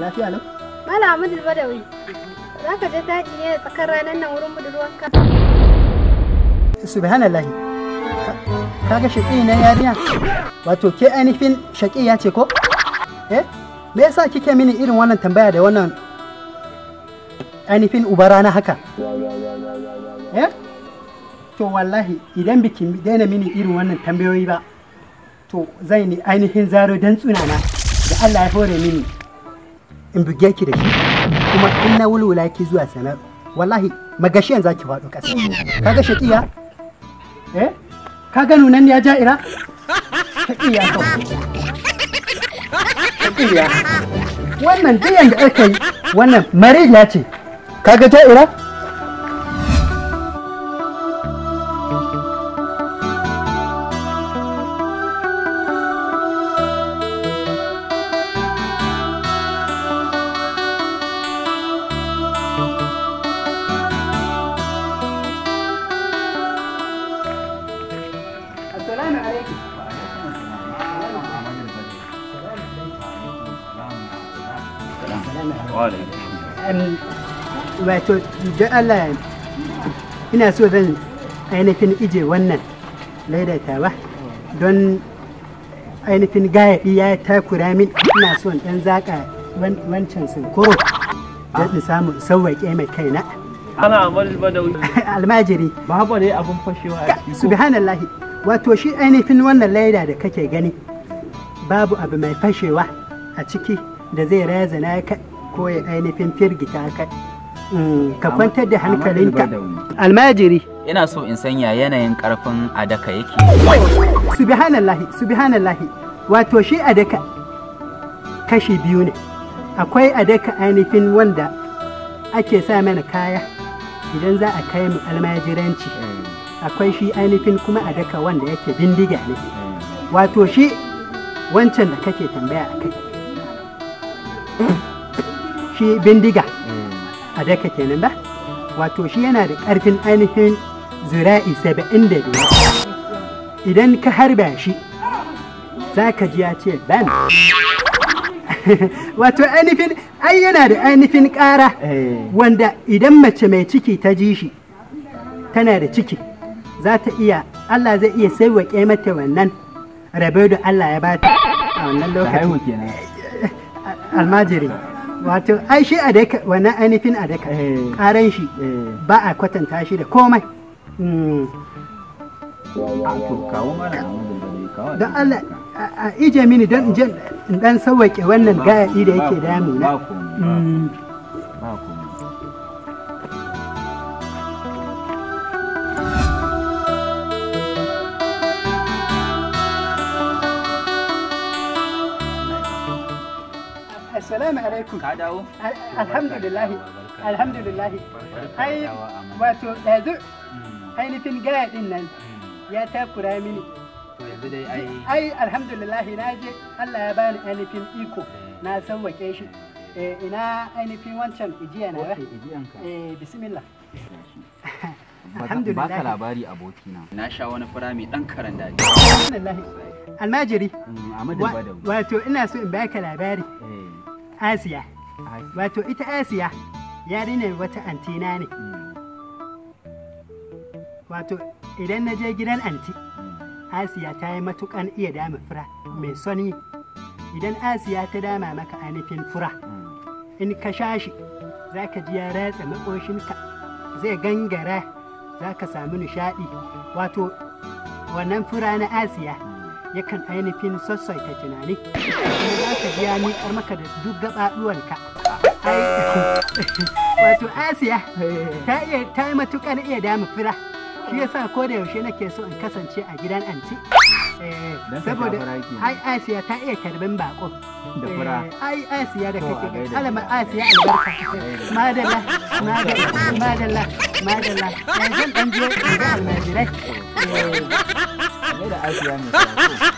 Lafiya lau? Mala Amadu Badawi. Za ka je daji ne da tsakar ranar nan wurin budurwarka. Subhanallahi. Ka ga shaƙi na yarinya? Wato ke ainihin shaƙi ya ce ko? Eh? Me yasa kike mini irin wannan tambaya da wannan ainihin uba rana haka? Eh? To wallahi idan biki daina mini irin wannan tambayoyi ba, to zai ni ainihin zaro don tsunana da Allah ya hore mini. in buge ki da shi kuma in na wulwula ki zuwa sanar wallahi magashiyan zaki faɗo ƙasa kaga shaƙiya eh kaga nunan ya ja'ira shaƙiya shaƙiya wannan duk yanda aka yi wannan ya ce kaga ja'ira wato Allah ina so zan ainihin ije wannan ba don ainihin gayaɗi ya takura min ina son ɗan zaƙa wancan sunkuro don in samu sauwaƙe mai kaina ana amal badawi almajiri babu ne abin fashewa a ciki subhanallahi wato shi ainihin wannan laida da kake gani babu abu mai fashewa a ciki da zai razana ka ko ya ainihin firgita ka mm, ka kwantar da hankalinka almajiri ina so in sanya yanayin karfin adaka yake subhanallahi subhanallahi wato shi adaka kashi biyu ne akwai adaka ainihin wanda ake sa mana kaya idan za a kai mu almajiranci eh. akwai shi ainihin kuma adaka wanda yake bindiga ne eh. wato shi wancan da kake tambaya a kai shi bindiga a daka kenan ba wato shi yana da ƙarfin ainihin zira'i saba'in da biyar idan ka harba shi za ka ji ya ce ban wato ainihin ai yana da ainihin ƙara eh. wanda idan mace mai ciki ta ji shi tana da ciki za ta iya Allah zai iya sauwaƙe mata wannan rabe da Allah ya ba ta a wannan lokaci almajiri wato ai shi a daika wani ainihin a daika karan eh. shi eh. ba a kwatanta shi da komai hmm. don Allah a ije mini don in dan sauwake wannan gayaɗi da yake na ba Assalamu alaikum. Ka dawo? Alhamdulillah. wato yanzu hmm. ainihin gaya nan hmm. ya takura mini. ai ai na je Allah ya bani ainihin iko eh. na sauwake shi eh, ina ainihin wancan ijiya na eh bismillah labari abokina na sha wani fura mai dan karan daji almajiri hmm, wato ina so in baka labari eh. Asiya. Wato ita Asiya yarinyar wata antina ne. Hmm. Wato idan na je gidan anti, hmm. Asiya ta yi matukan iya dama fura mai soni. Idan Asiya ta dama maka ainihin fura, hmm. in ka sha shi za ka ji ya ratsa makoshinka zai gangara za ka samu nishaɗi. Wato wannan fura na Asiya. yakan ainihin sassaita tunani kuma za ka biya ni kar maka da duk gaɓaɗuwanka wato asiya ta iya ta yi matuƙar iya damu fira shi yasa ko da yaushe nake so in kasance a gidan anti eh, saboda ai asiya ta iya karbin bako eh, ai asiya da kake gani alama asiya albarka madalla madalla madalla madalla yanzu dan je ga almajirai eh, ICM 的时候。